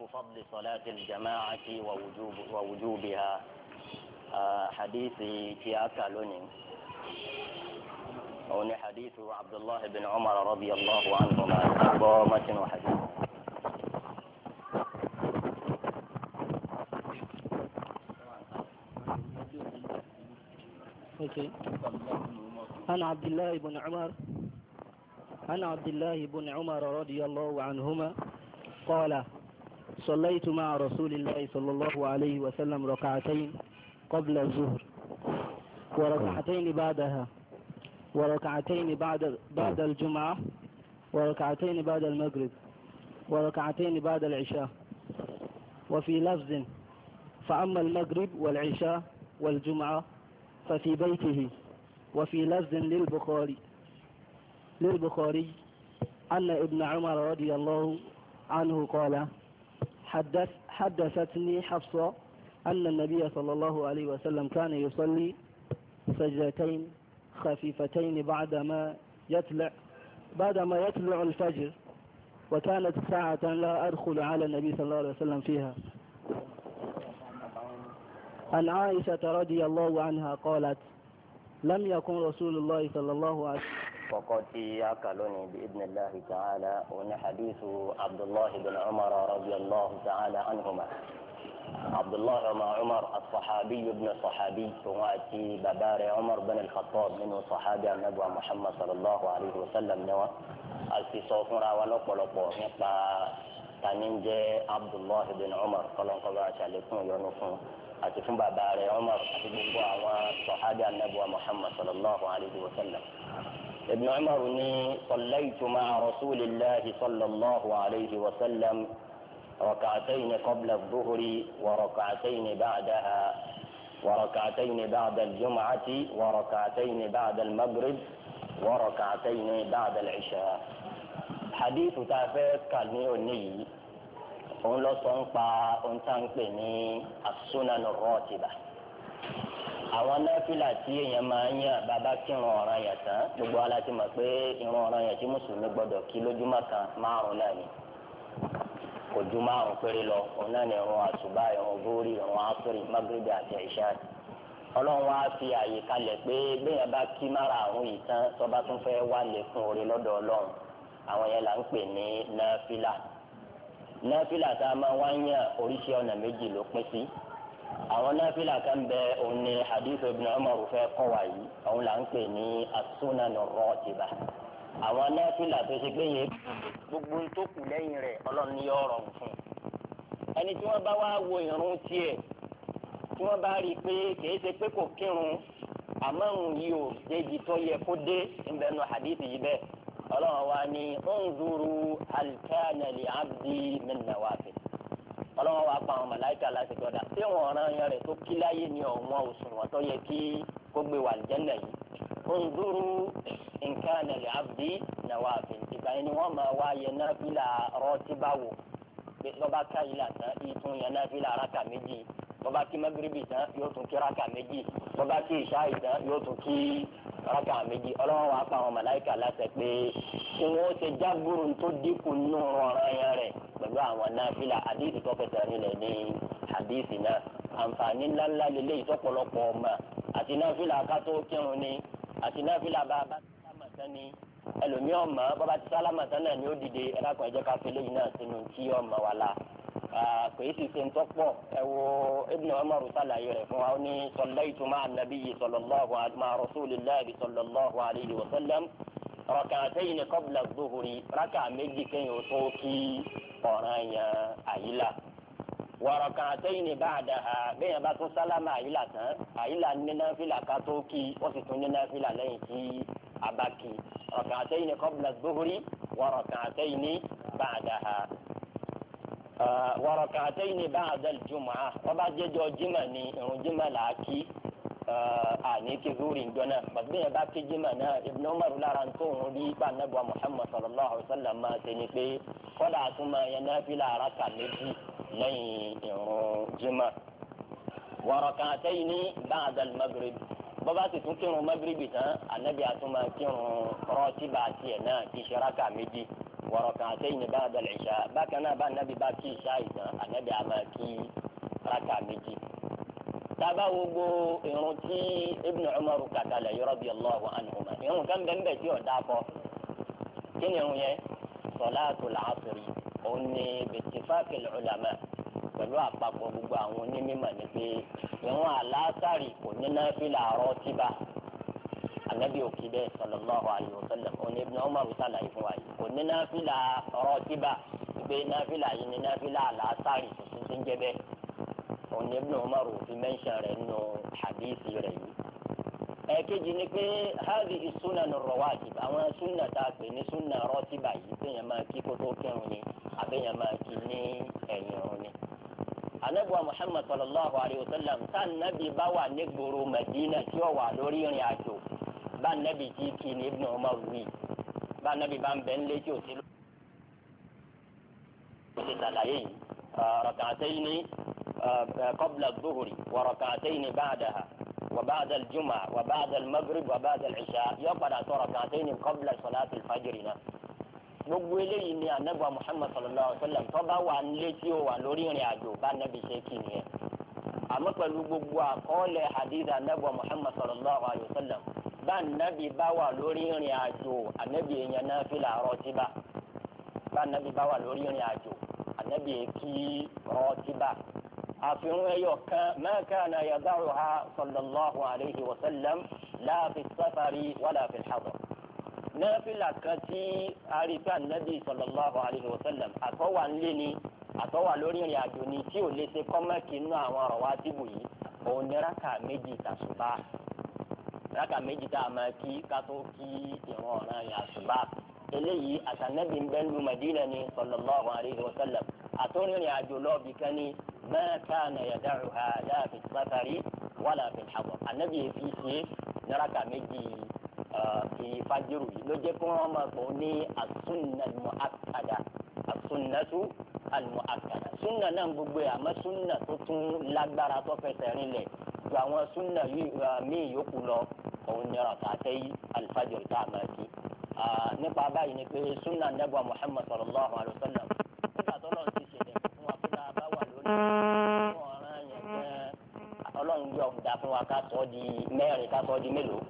باب فضل صلاة الجماعة ووجوب ووجوبها آه، حديث تياكا لونين أو حديث عبد الله بن عمر رضي الله عنهما عظامة وحديث عن عبد الله بن عمر عن عبد الله بن عمر رضي الله عنهما قال صليت مع رسول الله صلى الله عليه وسلم ركعتين قبل الظهر وركعتين بعدها وركعتين بعد بعد الجمعة وركعتين بعد المغرب وركعتين بعد العشاء وفي لفظ فأما المغرب والعشاء والجمعة ففي بيته وفي لفظ للبخاري للبخاري أن ابن عمر رضي الله عنه قال حدث حدثتني حفصة أن النبي صلى الله عليه وسلم كان يصلي سجدتين خفيفتين بعدما يطلع بعدما يطلع الفجر وكانت ساعة لا أدخل على النبي صلى الله عليه وسلم فيها عن عائشة رضي الله عنها قالت لم يكن رسول الله صلى الله عليه وسلم وقتي أكلني بإذن الله تعالى وأن حديث عبد الله بن عمر رضي الله تعالى عنهما عبد الله بن عمر الصحابي ابن صحابي وأتي ببار عمر بن الخطاب من صحابي النبوة محمد صلى الله عليه وسلم نوى ألفي صوفنا ولقلقوا نقا تنجي عبد الله بن عمر قال انقضى شالكم يونسون àti fún bàbá rẹ̀ Umar àti gbogbo àwọn sọ̀hádà nàbùwà Muhammad sallallahu alayhi wa sallam. ابن عمر ني صليت مع رسول الله صلى الله عليه وسلم ركعتين قبل الظهر وركعتين بعدها وركعتين بعد الجمعة وركعتين بعد المغرب وركعتين بعد العشاء حديث تافيت كالنيو ني ونلصنقا ونتنقني السنن الراتبة àwọn náfìlà tí èèyàn máa ń yàn bàbá kírun ọ̀ràn yà tán gbogbo ala ti mọ̀ pé irun ọ̀ràn yà tí mùsùlùmí gbọ́dọ̀ kí lójúmọ́ kan márùn náà ni kò ju lọ òun náà ni áfírí magrebi àti ọlọ́run fi àyè kalẹ̀ pé béèyàn bá kí mára yìí tán tún fẹ́ wá lè fún lọ́dọ̀ ọlọ́run àwọn yẹn là ń pè ní àwọn náfìlà kan bẹ òun ni hadith ibn umar fẹ́ kọ́ wa yìí òun là ń pè ní as-sunanu ratiba àwọn náfìlà tó ṣe pé yẹn gbogbo tó kù lẹ́yìn rẹ̀ ọlọ́run yóò rọrùn fún un ẹni tí wọ́n bá wá wo ìrun tiẹ̀ tí wọ́n bá rí i pé kìí ṣe pé kò kírun àmọ́ òun yìí ò débi tó yẹ kó dé ìbẹ̀nu hadith yìí bẹ́ẹ̀ ọlọ́run wa ni ó ń dúró alikánẹ̀lì abdi min nawafil ọlọ́wọ́ wa pa àwọn màláìka láti gbọ́dá tí wọn ọ̀ràn yẹn rẹ̀ tó kí láyé ni ọ̀wọ́n òṣùwọ̀n tó yẹ kí kó gbé wà lìjẹ́nà yìí onduru nǹkan nàlẹ́ abdi nàwa àfẹ́ ìgbà yẹn ni wọ́n máa wá yẹ náà fílà rọ́ọ̀tì báwo pé bọ́ba ká ilà tán ìtún yẹn náà fi làrá kà méjì bọ́ba kí magrebi tán yóò tún kí raka méjì bọ́ba kí ìṣáì tán yóò tún kí raka méjì ọlọ́run wa pa àwọn màláìka láṣẹ pé kí wọ́n ṣe jágbóró tó dínkù nínú ọ̀ràn yẹn rẹ̀ pẹ̀lú àwọn náà fi là àdéhìí tó fẹsẹ̀ nílẹ̀ ní àdéhìí náà àǹfààní ńláńlá lélẹ̀ ìtọ́pọ̀lọpọ̀ ọmọ àti ẹlòmí ọmọ bàbá ti sálámà sánà ni ó dìde ẹlẹ́kùn ẹ̀jẹ̀ ká fi lẹ́yìn náà sínú tí ọmọ wa la kìí sì ṣe ń tọ́pọ̀ ẹ wo ibùdó ọmọrù sàlàyé rẹ̀ fún wa ó ní sallaytu ma'a nabiyyi sallallahu ma'a rasulillahi sallallahu alayhi wa sallam rak'atayni qabla adh-dhuhri rákà méjì kẹ́yìn ó tó kí ọ̀ràn yẹn àyílà wàrọ̀kàtẹ́yìn báàdà ha bẹ́ẹ̀ bá tún sálámà àyílà tán àyílà nínáfìlà ká tó kí ó sì tún nínáfìlà lẹ́yìn tí abaki rak'ataini qabla dhuhri wa rak'ataini ba'daha wa rak'ataini ba'da al-jum'ah wọ́n bá jẹ́jọ́ jimá ni irun jimá là á kí àní kí zuhri ń jọ́nà bàbá yẹn bá kí jimá náà Ibn Umar lára ń tó ń rí bá nàbọ̀ Muhammad sallallahu alayhi wa sallam máa ṣe ni pé kọ́lá àtúmọ̀ yẹn fi làárà kà méjì lẹ́yìn irun jimá wa rak'ataini ba'da al bọ́bá sì tún kírun mọ́gíríbì tán ànábì àtúmọ̀ kírun rọ́ọ̀tìbà tiẹ̀ náà ti ṣe rákà méjì wọ̀rọ̀ kan àtẹ̀yìn ní bára bẹ̀rẹ̀ ìṣá bákan náà bá ànábì bá kí ìṣá ìtàn ànábì àmọ́ kí rákà méjì. tábà gbogbo irun tí Ibn Umar kàkàlẹ̀ radiyallahu anhuma irun kan bẹ́ẹ̀ tí ọ̀dà kọ kí ni irun yẹn salatul asri òun ni bittifaqil ulama àpapọ̀ gbogbo àwọn onímọ̀ ni pé ìwọ̀n àlásàrì kò ní náfìlà rátíbà anabi òkè bẹ́ẹ̀ sallallahu alayhi wa sallam òní ibùdó ọmọ àwùjọ àlàyé fún wa yìí kò ní náfìlà rátíbà pé náfìlà yìí ní náfìlà àlásàrì tuntun ti ń jẹ bẹ́ẹ̀ òní ibùdó ọmọ àwùjọ fi mẹ́ńṣẹ̀ rẹ̀ nù hadithi rẹ̀ yìí. ẹ̀kejì ni pé hábi ìsúná ní rawatib àwọn súnà tá a pè ní súnà rátíbà yìí bẹ́ẹ̀ yẹn anabuwa muhammad sallallahu alaihi wasallam san nabi bá wà ne goro madina tí ó wà lórí ìrìn àjò bá nabi jí kí ni ibn umar wí bá nabi bá ń bẹ nle tí ó ti lọ. ó ti sàlàyé yìí rak'atayni qabla dhuhri wa rak'atayni ba'daha wa ba'da al-jum'a wa ba'da al-maghrib wa ba'da al-isha yóò padà sọ rak'atayni qabla salati al-fajr náà. gbogbo eléyìí ni anagba muhammad sallallahu alaihi wa sallam tọ́ba wà nílé tí ó wà lórí ìrìn àjò bá anabi ṣe kì nìyẹn àmọ́ pẹ̀lú gbogbo àkọọ́lẹ̀ hadith anagba muhammad sallallahu alaihi wa sallam bá anabi bá wà lórí ìrìn àjò anabi èèyàn náà fi làárọ̀ tí bá bá anabi bá wà lórí ìrìn àjò anabi èkì rọ̀ tí bá àfihàn ẹyọ kan mẹ́ẹ̀ká náà yàgbá ha sallallahu alaihi wa sallam láàfin sáfàrí wàlàfin hadith nafila kan tí arígbà nàbì sallallahu alaihi wasallam àtọwà ńlé ni àtọwà lórí ìrìn àjò ni tí ò lè ṣe kọ́mẹ́kì inú àwọn ọ̀rọ̀ wa dìbò yìí òun ni rákà méjì tàṣùbà rákà méjì tá a máa kí ká tó kí ìrun ọ̀ràn yà àṣùbà eléyìí àtànẹ́bí ń bẹ́ lu Madina ni sallallahu alaihi wasallam àtọ́rìnrìn àjò lọ́ọ̀bì kan ní ma ti eh, fajiru yìí ló jẹ́ kí wọ́n máa pọ̀ ní asunna al-mu'akkada asunnatu al-mu'akkada sunna náà gbogbo yà àmọ́ sunna tó tún lágbára tó fẹsẹ̀ rinlẹ̀ ju àwọn sunna míì yòókù lọ òun ni rak'atay al-fajr tá a máa kí. nípa báyìí ni pé sunna nebà muhammad sallallahu alayhi wa sallam nígbà tó lọ́n ti ṣẹlẹ̀ fún wa kí náà bá wà lónìí fún ọ̀ràn yẹn gan ọlọ́run yọ̀ ọ̀dà fún wa ká sọ di mẹ́rin ká sọ di mélòó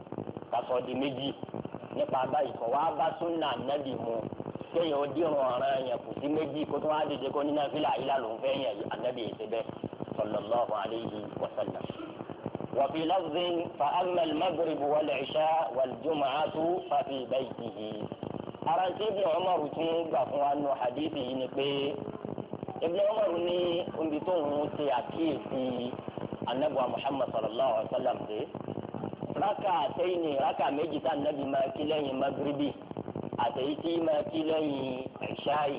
kásọ̀ di méjì nípa báyìí kọ̀ wá bá súnà nábì mu kéèyàn ó dírun ọ̀ràn yẹn kù sí méjì kó tó wá dìde kó nínú àfihàn àyílá ló ń fẹ́ yẹn ànábì èsì bẹ́ẹ̀ sallallahu alayhi wa sallam. وفي لفظ فأما المغرب والعشاء والجمعة ففي بيته aranti ibn umar tún gbà fún wa nù hadithi yìí ni pé ibn umar ní ibi tó ń àkíyèsí anabuwa muhammad sallallahu alaihi wa sallam dé rákà àtẹ̀yìn ní rákà méjì tá nàbí máa kí lẹ́yìn magribi àtẹ̀yí tí máa kí lẹ́yìn ẹ̀ṣáì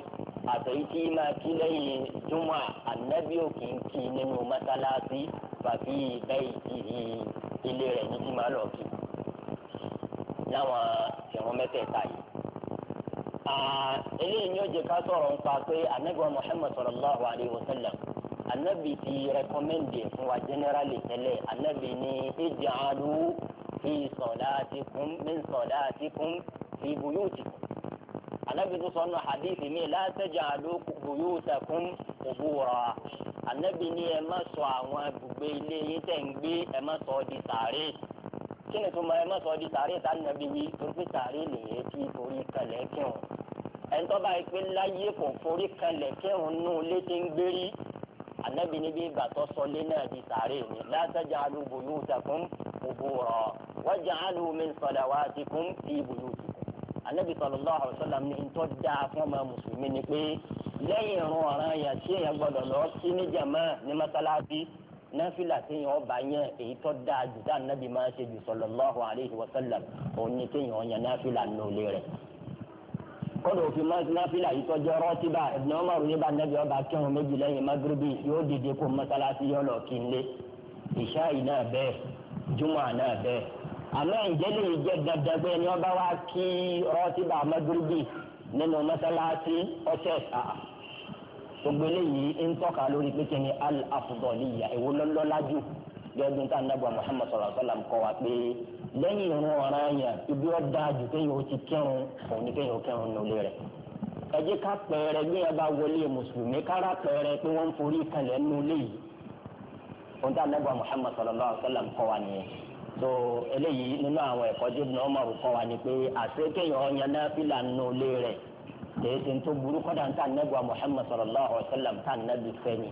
àtẹ̀yí tí máa kí lẹ́yìn júmọ̀ ànábì òkè ń kí nínú mọ́sálásí fàbí bẹ́ẹ̀ ìdí ilé rẹ̀ ní tí máa lọ kí láwọn ìrún mẹ́tẹ̀ẹ̀ta yìí eléyìí ni ó jẹ ká sọ̀rọ̀ nípa pé anabi wa sallallahu alayhi wa sallam anabi ti rẹkọmẹ́ndì fún wa jẹ́nẹ́rálì tẹ́lẹ̀ anabi ni ìjàlú fi salatikum min salatikum fi buyutikum. Ànábì tó sọnù hadithi mi la taj'alu buyutakum qubura. Ànábì ni ẹ má sọ àwọn ibùgbé ilé yín tẹ̀ ń gbé ẹ má sọ di sàárè. Kí ni tó máa ẹ má sọ di sàárè tá Ànábì wí torí pé sàárè lèyẹ tí forí kalẹ̀ kírun. Ẹ̀ńtọ́ báyìí pé láyé kò forí kalẹ̀ kírun nù létí ń gbérí anabi ni bí bàtọ sọlé náà di sàárè ni látàjà alúgbò yóò takùn òbò waj'alu min salawatikum fi buyutikum anabi sallallahu alayhi wa sallam ní ntọ́ dáa fún ọmọ mùsùlùmí ni pé lẹ́yìn irun ọ̀ràn yà tí èèyàn gbọ́dọ̀ lọ sí ní jàmá ní mọ́sálásí náfìlà tí èèyàn ọba yẹn èyí tọ́ dáa jù tá anabi máa ṣe jù sallallahu alayhi wa sallam òun ni kéèyàn yẹn náfìlà nulẹ̀ rẹ̀ kọ́dọ̀ òfin náfìlà yìí tọ́jú ọ̀rọ̀ tí bá Ibn Umar yìí bá nẹ́bí ọba kẹ́hùn méjì lẹ́yìn magrebi yóò dìde kó mọ́sálásí yọ àmọ́ ìjẹ́lẹ̀ yìí jẹ́ dandan pé ẹni wọ́n bá wá kí rọ́tíbà mẹ́gírígì nínú mọ́sálásí ọ̀sẹ̀ gbogbo eléyìí ń tọ́ka lórí pé kí ni al-afdaliyya èwo lọ́lọ́lájú gẹ́gùn tá nàgbà Muhammad sallallahu alaihi wasallam kọ́ wa pé lẹ́yìn ìrún ọ̀ràn yẹn ibi ó dáa jù kéèyàn ó ti kírun òun ni kéèyàn ó kírun nílé rẹ̀. ẹ ká pẹ̀rẹ̀ bí ẹ bá wọlé mùsùlùmí kára pẹ̀rẹ̀ pé wọ́n ń forí kalẹ̀ nílé yìí. ohun tá nàgbà Muhammad sallallahu alaihi wasallam kọ́ wa nìyẹn so eléyìí nínú àwọn ẹ̀kọ́ tí Ibn Umar kọ́ wa ni pé àti kéèyàn ọ̀yàn náà fìlà nù lé rẹ̀ lèyí tó burú kọ́dà ń tà nẹ́gbà Muhammad sallallahu alayhi wa sallam tà nẹ́bi fẹ́ ni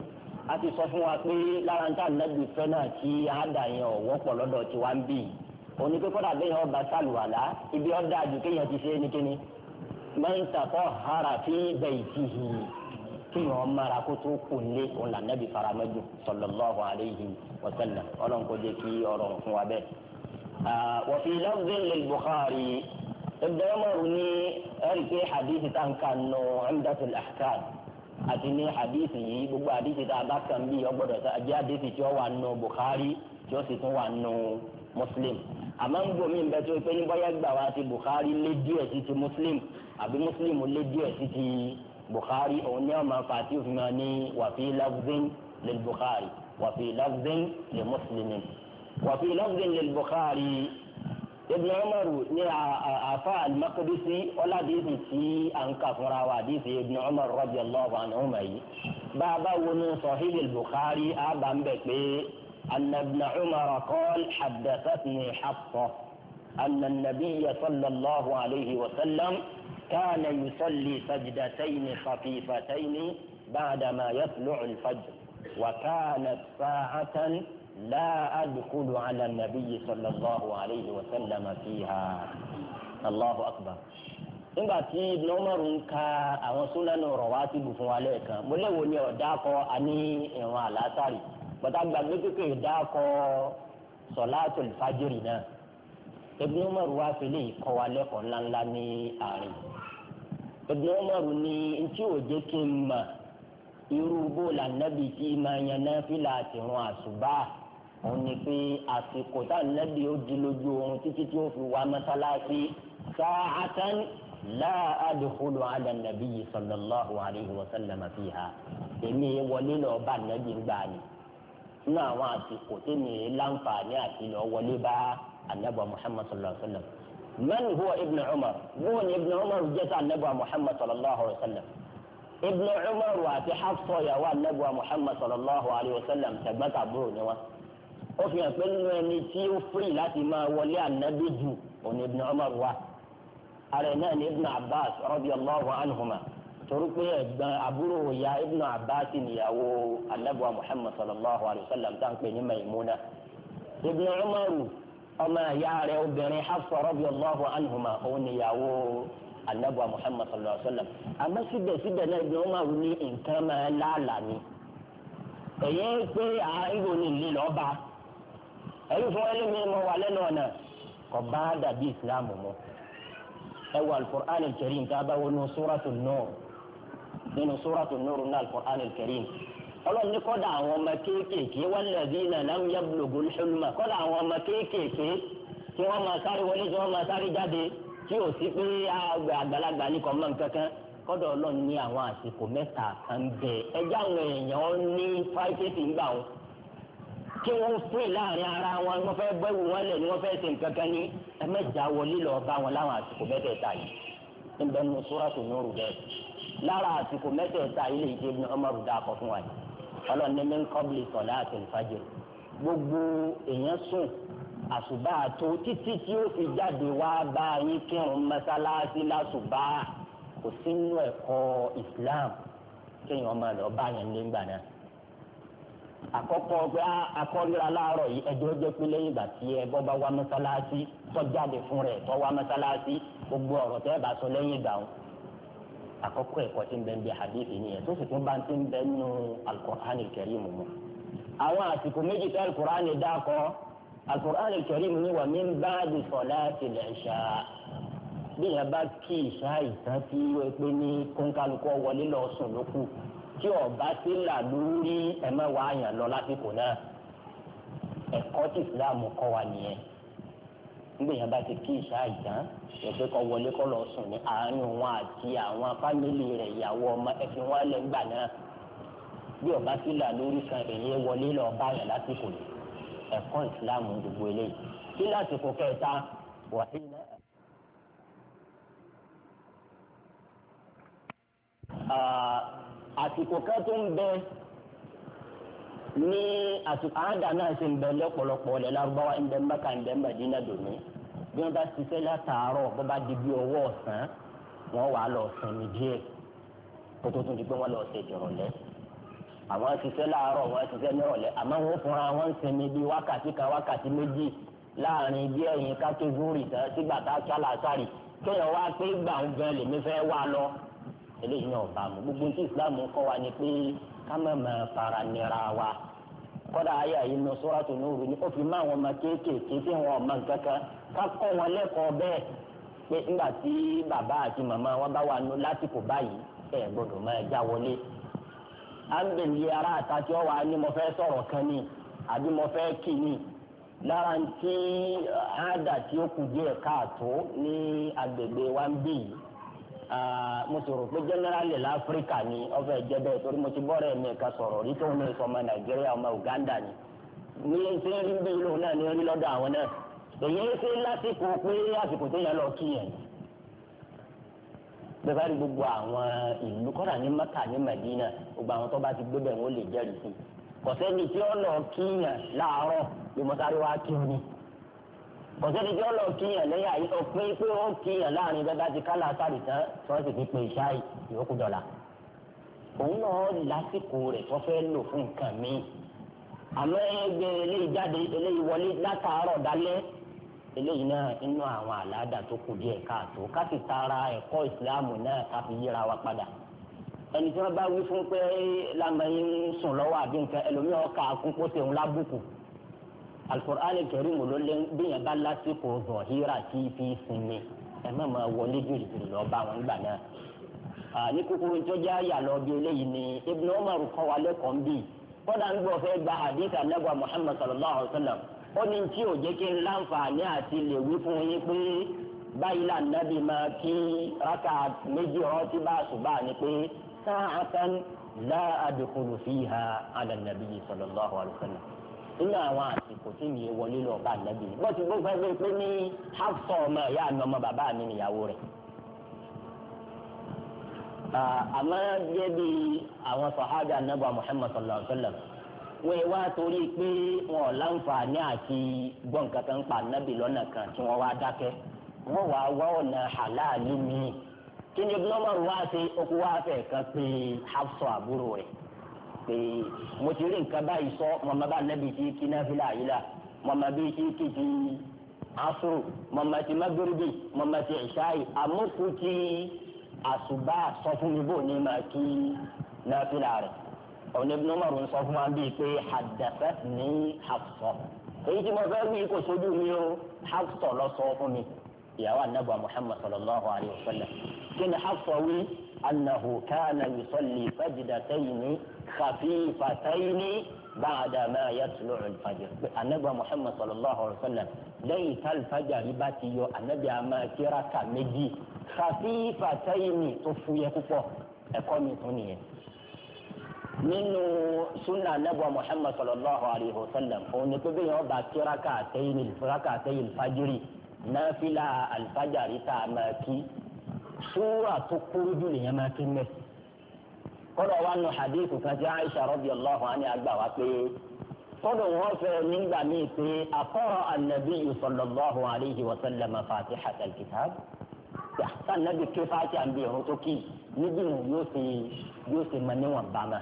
a ti sọ fún wa pé lára ń tà nẹ́bi fẹ́ náà tí a dà yẹn ọ̀ wọ́pọ̀ lọ́dọ̀ tí wá ń bì í òní pé kọ́dà bẹ́yẹn ọba sàlùwàlá ibi ọ̀dà àjù kéèyàn ti ṣe é ní kíni man tatahhara fi baytihi kéèyàn ọmọra kó tó kò lé òun là nẹ́bí faramẹ́jù sallallahu alayhi wa sallam ọlọ́nkọ́ jẹ́ kí ọ̀rọ̀ fún wa bẹ́ẹ̀. wa fi lafzin lil Bukhari ibn Umar ní ẹ̀ríkẹ́ hadithi tá n kà nù Umdatul Ahkam àti ní hadithi yìí gbogbo hadithi tá a bá kàn bí ọgbọ́dọ̀ sá jẹ́ hadithi tí ó wà nù Bukhari tí ó sì tún wà nù Muslim àmọ́ ń gbòmí ń tó pé ní bọ́yá gbà wá ti Bukhari lé díẹ̀ sí ti Muslim àbí Muslim lé díẹ̀ sí ti bukhari òun ní ọmọ fati òfin máa ní wàfi lafzin lè bukhari wàfi lafzin lè muslimin wàfi lafzin lè bukhari ibn umaru ní afa al-maqdisi ọládìsí tí a ń kà fúnra wa àdìsí ibn umar radiyallahu anhuma yìí bàbá wọnú sahih al-bukhari àbá ń bẹ̀ pé anna ibn umar qala haddathatni hafsa anna an sallallahu alayhi wa sallam. كان يصلي سجدتين خفيفتين بعدما يطلع الفجر وكانت ساعة لا أدخل على النبي صلى الله عليه وسلم فيها الله أكبر nígbà tí Ibn Umar ń ka àwọn súnánù rawatibu fún wa lẹ́ẹ̀kan mo léwo ni ọ̀dà kọ àní ìrun àlásàrì bàtà gbàgbé kékeré ìdá kọ salatul náà Ibn Umar wá fi lè kọ́ wa lẹ́kọ̀ọ́ ńláńlá ní àárín. Ibn Umar ní ntí ò jẹ́ kí n mà irú bóòlù ànábì tí máa yan náfìlà àti run àṣùbà òun ni pé àsìkò tá ànábì ó di lójú oorun títí tí ó fi wá mọ́sálásí sa'atan la adkhulu ala nabiyyi sallallahu alayhi wa sallam fiha èmi wọlé lọ bá ànábì ń gbà ní nínú àwọn àsìkò tèmi láǹfààní àti lọ wọlé bá ànábì Muhammad sallallahu من هو ابن عمر بون ابن عمر جاء النبي محمد صلى الله عليه وسلم ابن عمر واتي حفصة يا النبي محمد صلى الله عليه وسلم تبت عبروني وان ó fi hàn pé nínú ẹni tí ó firi láti máa wọlé ànábì jù òní ibn Umar wa ara ẹ̀ náà ní ibn Abbas radiyallahu anhuma torí pé ẹ̀gbọ́n àbúrò ya ibn Abbas níyàwó anábùwà Muhammad sallallahu alayhi wa sallam tá à ń pè ní Maimuna ibn Umaru ọmọ ìyá rẹ̀ obìnrin Hafsa radiyallahu anhuma òun níyàwó anabuwa Muhammad sallallahu alaihi wa sallam àmọ́ síbẹ̀síbẹ̀ náà ibi wọn máa ní nǹkan máa láàlà ni èyí pé àìrò ní ìlú lọ́ba ẹ̀yìn fún ẹlẹ́mi mọ wà lẹ́nu ọ̀nà kò bá dàbí ìsìláàmù mu ẹ wọ al-Qur'an al a bá wọnú Suratu Nur nínú Suratu Nur nínú al-Qur'an ọlọ́run ní kọ́dà àwọn ọmọ kéékèèké walladhina lam yablughul hulma kọ́dà àwọn ọmọ kéékèèké tí wọ́n máa sáré wọlé tí wọ́n máa sáré jáde tí ò sí pé àgbàlagbà ní kọ́mọ́ nǹkankan kọ́dà ọlọ́run ní àwọn àsìkò mẹ́ta kan bẹ ẹjẹ́ àwọn èèyàn ní fáìkẹ́tì ńgbà wọn kí wọ́n pè láàrin ara wọn wọ́n fẹ́ bẹ́wù wọn lẹ̀ ni wọ́n fẹ́ ṣe nǹkankan ní ẹ wọlé lọ bá wọn láwọn àsìkò mẹ́tẹ̀ẹ̀ta yìí ń bẹ́ẹ̀ nu Suratu Nur bẹ́ẹ̀ lára àsìkò mẹ́tẹ̀ẹ̀ta ilé ìjẹ́ Ibn Umar dà kọ́ fún wa yìí ọlọ́run ní min qabli salati al-fajr gbogbo èèyàn sùn àṣùbà tó títí tí ó fi jáde wá bá yín kírun mọ́sálásí láṣùbà kò sínú ẹ̀kọ́ Islam kéèyàn máa lọ bá yẹn nígbà náà àkọ́kọ́ pé akọ́ríra láàárọ̀ yìí ẹjọ́ jẹ́ pé lẹ́yìn ìgbà tí ẹ bọ́ bá wá mọ́sálásí tọ́jáde fún rẹ̀ tọ́ wá mọ́sálásí gbogbo ọ̀rọ̀ tẹ́ bá sọ lẹ́yìn ìgbà wọn àkọ́kọ́ ẹ̀kọ́ tí ń bẹ ń bẹ hadithi tó sì tún bá ti ń bẹ alukur'an kẹrì mu mu. àwọn àsìkò méjì tí alukur'an dákọ alukur'an kẹrì mu ni wà mí ń bá di sọlá tilẹ̀ ṣá bí yẹn bá kí ìṣá ìtàn tí wọ́n pè ní kónkálukọ́ wọlé lọ sùn lókù tí ọba ti là lórí ẹ̀mẹ́wàá yàn lọ lásìkò náà ẹ̀kọ́ tí ìsìlámù kọ́ wa nìyẹn ngbèyàn bá ti kí ìṣá ìdán ẹgbẹ́ kan wọlé kọ́ lọ sùn ní àárín wọn àti àwọn fámìlì rẹ̀ ìyàwó ọmọ ẹ̀fín wọn lẹ́gbà náà bí ọba ti là lórí kan èyí wọlé lọ bá yàn lásìkò yìí ẹ̀kọ́ ìsìláàmù gbogbo eléyìí kí lásìkò kẹta wà sí iná. àsìkò kan tó ń bẹ. ní àtúkọ̀ àádá náà ṣe ń bẹ lọ́pọ̀lọpọ̀ ọ̀lẹ́ lárúbáwá ń bẹ Mẹ́kà ń bẹ Mẹ́dínà dòní bí wọ́n bá ṣiṣẹ́ látàárọ̀ bó bá di bí ọwọ́ ọ̀sán wọ́n wà á lọ sinmi díẹ̀ kó tó tún di pé wọ́n lọ ṣe ìrọ̀lẹ́ àwọn ṣiṣẹ́ láàárọ̀ wọ́n ṣiṣẹ́ nírọ̀lẹ́ àmọ́ wọ́n fúnra wọn sinmi bí wákàtí kan wákàtí méjì láàrin bí sígbà tá a gbogbo kọ́ wa ni ká fara nira wa kọ́dà ni ó fi ma kéékèèké wọn ma kankan ká kọ́ wọn lẹ́kọ̀ọ́ bẹ́ẹ̀ pé àti màmá wọn bá wà nù lásìkò báyìí ẹ gbọ́dọ̀ máa wọlé. a ti mo fẹ́ sọ̀rọ̀ káàtó agbègbè wa Ah, mo sì rò pé generally ni ọfẹ jẹ torí mo ti bọrọ ẹmí ẹka sọ̀rọ̀ rí tóun náà ma nàìjíríà ọmọ uganda ni ní ṣé rí bí náà ní rí lọ́dọ̀ àwọn náà èyí lásìkò pé àsìkò tó yẹ lọ kí yẹn rí àwọn maka ní madina gbogbo àwọn tó bá ti gbé bẹ́ẹ̀ wọ́n lè jẹ́rìí sí tí ó lọ kí yẹn láàárọ̀ kọ̀sẹ́ni jọ́ lọ kíyàn lẹ́yìn àyè òpin pé ó kíyàn láàrin bẹ́ẹ̀ bá ti kálá sáré tán tí wọ́n sì fi pe ìṣá ìyókù dọ̀la. òun náà lásìkò rẹ̀ tó fẹ́ lò fún nǹkan mi. àmọ́ ẹgbẹ́ eléyìí jáde eléyìí wọlé látàárọ̀ dálẹ́ eléyìí náà inú àwọn àlàádà tó kù díẹ̀ káàtó ká sì tara ẹ̀kọ́ ìsìláàmù náà ká fi yíra wa padà. ẹni tí wọ́n bá wí fún pé lámẹ́yìn ń sùn lọ́wọ́ àbí nǹkan alukur'an kẹrin mo ló lé bíyẹn bá lásìkò zọhíra tí fi sinmi ẹ má máa wọlé jìrìjìrì lọ bá wọn gbà náà ní kúkúrú tó jẹ́ àyà lọ bí eléyìí ni Ibn Umar kọ́ wa lẹ́kọ̀ọ́ ń bì kọ́dà ń gbọ́ fẹ́ gba hadith anagba Muhammad sallallahu alayhi wa sallam ó ní tí ò jẹ́ kí n láǹfààní àti lè wí fún yín pé báyìí là nàbì máa kí rákà méjì rántí bá àṣùbà ni pé sáà kan láàdùkúlù fìhà ala nàbì sallallahu alayhi wa sallam nínú àwọn àsìkò tí mi wọlé lọ bá nàbí bó ti gbọ́ fẹ́ pé ní hafsọ ọmọ ìyá àná ọmọ bàbá mi nìyàwó rẹ̀. àmọ́ gẹ́gẹ́ bí àwọn sàhábà nàbà Muhammad sallallahu alayhi wa sallam wọ́n wá torí pé wọn ò láǹfààní àti gbọ́n pa nàbí lọ́nà kan tí wọ́n wá dákẹ́ wọ́n wá wá ọ̀nà halali mi kí ni Ibn Umar wá sí okú wá fẹ̀ kan pé hafsọ àbúrò rẹ̀ pé mo ti rí nǹkan báyìí sọ mọ̀mọ́ bá nẹ́bi tí kí náà fi láàyè la mọ̀mọ́ bí tí kì í asuru mọ̀mọ́ ti magoribi mọ̀mọ́ ti ìṣáì àmókù ti àṣùbà sọ fún mi bò ní ma kí náà fi láàrẹ̀ ọ̀nà Ibn Umar ń sọ fún wa bíi pé haddathat ní Hafsa èyí tí mo fẹ́ wí kò sójú mi o Hafsa lọ sọ fún mi ìyàwó anábọ̀ Muhammad sallallahu alayhi wa sallam kí ni Hafsa wí. أنه كان يصلي سجدتين خفيفتين بعد ما يطلع الفجر النبي محمد صلى الله عليه وسلم ليت الفجر باتيو النبي أما كرك مجي خفيفتين تفوي كفو أقومي تنيه nínú sunna anabuwa muhammad sallallahu alayhi wa sallam òun ni pépé yẹn ọba kíráka àtẹyìn kíráka àtẹyìn fajiri náfìlà alfajari tá a máa kí súrà tó kúrú jù lèyàn máa kí mẹ́. kọ́dọ̀ wa nù hadithu kan tí Aisha radiyallahu anha àgbà wá pé kọ́dọ̀ wọn fẹ́ nígbà míì pé àkọ́rọ̀ ànàbí sallallahu alayhi wa sallam fatihatal kitab. sànàbí ké fàtí àǹbí ọ̀hún tó kì í níbí nù yóò ṣe yóò ṣe mọ níwọ̀n bá ma.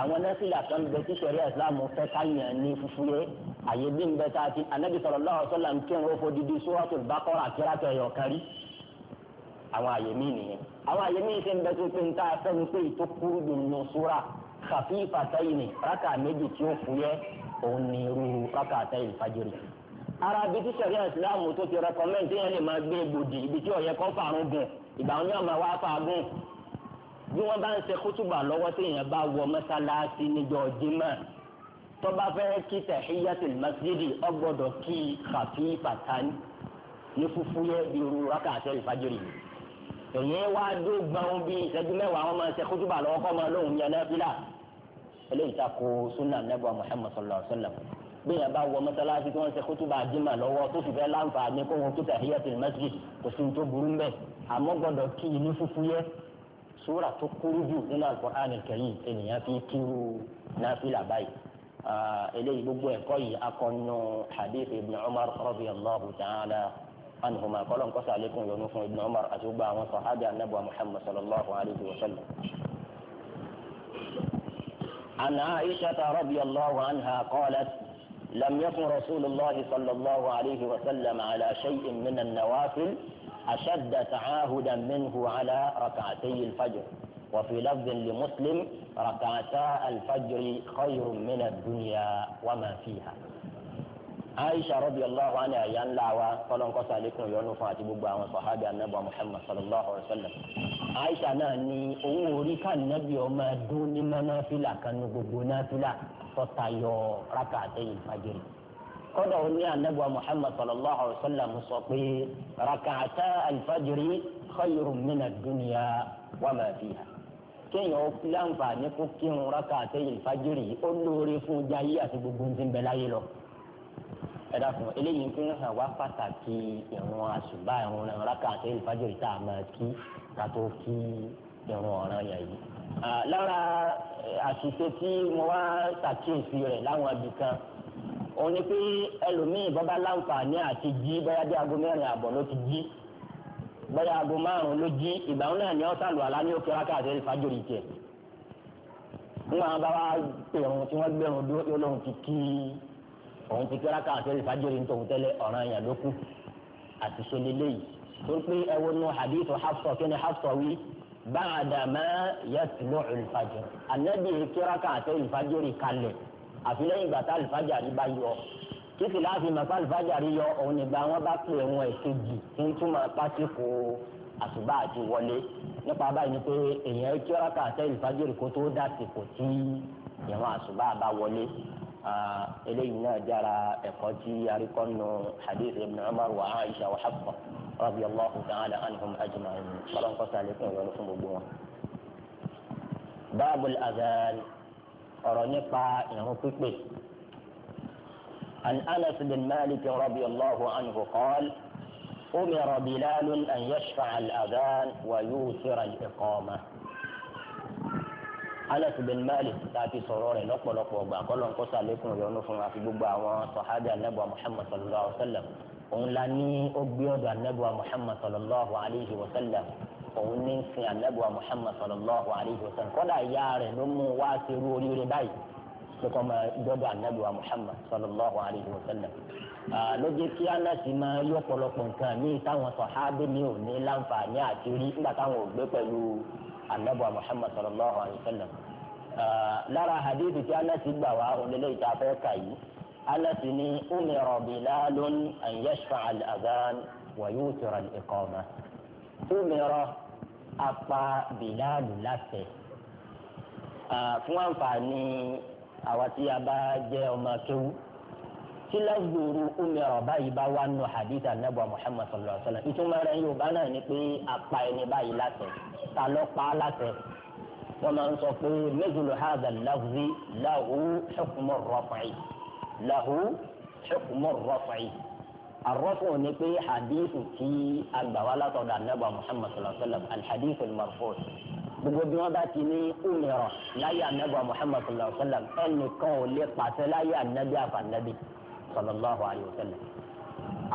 àwọn nọ́ọ̀sìlà kan bẹ tí sẹ̀rí ìsìlámù fẹ́ káyàn ní fúfúyẹ́ àyè bí n bẹ tá a ti ànàbí sallallahu alayhi wa sallam kí wọn fọ dídí suratul baqara kírákẹ́ yọ̀ kárí àwọn àyè mí nìyẹn àwọn àyè mí ṣe ń bẹ tó pé ń tá a fẹ́ ni pé ìtókùrú dùn nù súra kàfí ìfàtẹ́yìn ní rákà méjì tí ó fúyẹ́ òun ní irú rákà àtẹ́yìn fàjìrì. ara bíi tí sẹ̀rí ìsìláàmù tó ti rẹkọmẹ́ǹtì yẹn lè máa gbé egbòdì ibi tí ọ̀yẹ́ kan fàrún gùn ìgbà wọn yóò máa wá fàágùn. bí wọ́n bá ń ṣe kútùbà lọ́wọ́ tí èèyàn bá wọ mọ́sálásí níjọ́ jímọ̀ tó bá kí tẹ̀híyàtì masjidi ó kí kàfí ìfàtẹ́yìn ní fúfúyẹ́ bí irú rákà àtẹ́yìn fàjìrì yìí èyí wá dó gbàùn bíi ìṣẹ́jú mẹ́wàá wọn máa ṣe kútúbà lọ́wọ́ kọ́ máa lóhùn yẹn náfìlà eléyìí takò sunna nebà muhammad sallallahu alayhi wa sallam gbìyànjú bá wọ mọ́sálásí tí wọ́n ṣe kútúbà jimá lọ́wọ́ tó sì fẹ́ láǹfààní kó wọn kúta hiyatul masjid kò sí tó burú mbẹ́ àmọ́ gbọ́dọ̀ kí inú fúfú yẹ sóra tó kúrú jù nínú al-Qur'an ènìyàn fi kíru náfìlà báyìí eléyìí gbogbo ẹ̀kọ́ yìí akọ́nù hadith ibn umar radiyallahu ta'ala عنهما قال ان قص عليكم يونس بن عمر àti عن àwọn sọ̀hábì anábọ̀ muhammad sallallahu alayhi wa عن عائشة رضي الله عنها قالت لم يكن رسول الله صلى الله عليه وسلم على شيء من النوافل أشد تعاهدا منه على ركعتي الفجر وفي لفظ لمسلم ركعتا الفجر خير من الدنيا وما فيها aisha radiyallahu anha àyà ńlá wa kọlọ́nkọ́sọ alekun yọnu fún àti gbogbo àwọn sọ̀hábì anábọ̀ muhammad sallallahu alayhi wa sallam aisha náà ní owó orí kànábì ọmọ ẹdún ní mọ́náfílà kanú gbogbo náfílà tọ́ta yọ rákà àtẹ̀yìn fàjẹrì kọ́dọ̀ ní anábọ̀ muhammad sallallahu alayhi wa sallam sọ pé rákà àtẹ alifajiri khayrun min ad-dunya wa ma fiha kéèyàn ó láǹfààní kó kírun rákà àtẹ̀yìn fàjẹrì ó lóore fún jayé àti gbogbo ní ẹ dákun eléyìí fi ń hàn wá pàtàkì ìrun àṣùbà ìrun rákà àti ìfàjò ìta àmọ́ kí kátó kí ìrun ọ̀ràn yẹn yìí. lára àṣìṣe tí mo wá ṣàkíyèsí rẹ̀ láwọn ibì kan òun ni pé ẹlòmíì bọ́bá láǹfààní àti jí bóyá bí aago mẹ́rin àbọ̀ ló ti jí bóyá aago márùn-ún ló jí ìgbà wọn náà ni wọ́n sàlùwàlá ní òkè rákà àti ìfàjò ìtẹ̀ wọn bá wá pèrún tí wọ́n gbẹ̀rún dúró yóò lóun ti kí i òun ti kíra káwọn tẹ́lẹ̀ fàjọyìn tó ń tẹ́lẹ̀ ọ̀ràn yẹn ló kù àti sọlélẹ́ yìí torí pé ẹ wo nu hadith Hafsa kí ni Hafsa wí báàdàmá yẹtùlọ ìfàjọ ànábì kíra káwọn tẹ́lẹ̀ fàjọyìn kalẹ̀ àfi lẹ́yìn gbàtà ìfàjàrí bá yọ títí láti màpá ìfàjàrí yọ òun nígbà wọn bá pè wọn èkejì tí ń túmọ̀ pásíkò àsùbá àti wọlé nípa báyìí ni pé èèyàn kíra káwọn tẹ́lẹ̀ fàjọyìn kó tó dà eléyìí náà jára ẹ̀kọ́ tí arikọ́nù hadith ibn umar wa aisha wa hafsa radiyallahu ta'ala anhum ajma'in kọ́lọ́nkọ́sá lẹ́kùn ìwé fún gbogbo wọn. báàbùl azan ọ̀rọ̀ nípa ìrun pípé. عن انس بن مالك رضي الله عنه قال امر بلال ان يشفع الاذان ويوثر الاقامه Anas bin Malik tàbí sọ̀rọ̀ rẹ̀ lọ́pọ̀lọpọ̀ ọgbà kọ́lọ̀ ńkọ́ sàlékún ìyọnu fún àfi gbogbo àwọn sọ̀hábì anábọ̀ Muhammad sallallahu alayhi wa sallam òun la ní ó gbé ọ̀dọ̀ anábọ̀ Muhammad sallallahu alayhi wa sallam òun ní sin anábọ̀ Muhammad sallallahu alayhi wa sallam kọ́lá ìyá rẹ̀ ló mú wá sí irú oríire báyìí sọkọ ma dọdọ anabi wa Muhammad sallallahu alayhi wa sallam lójú kí anasi máa yọ anabuwa muhammad sallallahu alayhi wa sallam lára hadithi tí anasi gbà wá onílé ìta fẹ́ kà yìí anasi ni umira bilalun an yashfa al-adhan wa yutira al-iqama umira apa bilalu láṣẹ fún àǹfààní àwa tí a bá jẹ́ ọmọ kéwú tí lásìkò umira báyìí bá wà nù hadith anabu muhammad sallallahu alaihi wa sallam ìtumọ̀ rẹ̀ yóò bá náà ni pé apá ẹni báyìí láṣẹ ta ló pa á láṣẹ wọn máa ń sọ pé mithlu hadha lafzi lahu hukmu raf'i lahu hukmu raf'i arọ́fọ̀ ni pé hadith tí agbàwá látọ̀dọ̀ anabu muhammad sallallahu alaihi wa sallam alhadith almarfu gbogbo bí wọn bá ti ní umira láyé anabu muhammad sallallahu alaihi wa sallam ẹnìkan ò lè pàṣẹ láyé anabi àfànàbí sallallahu alayhi wa sallam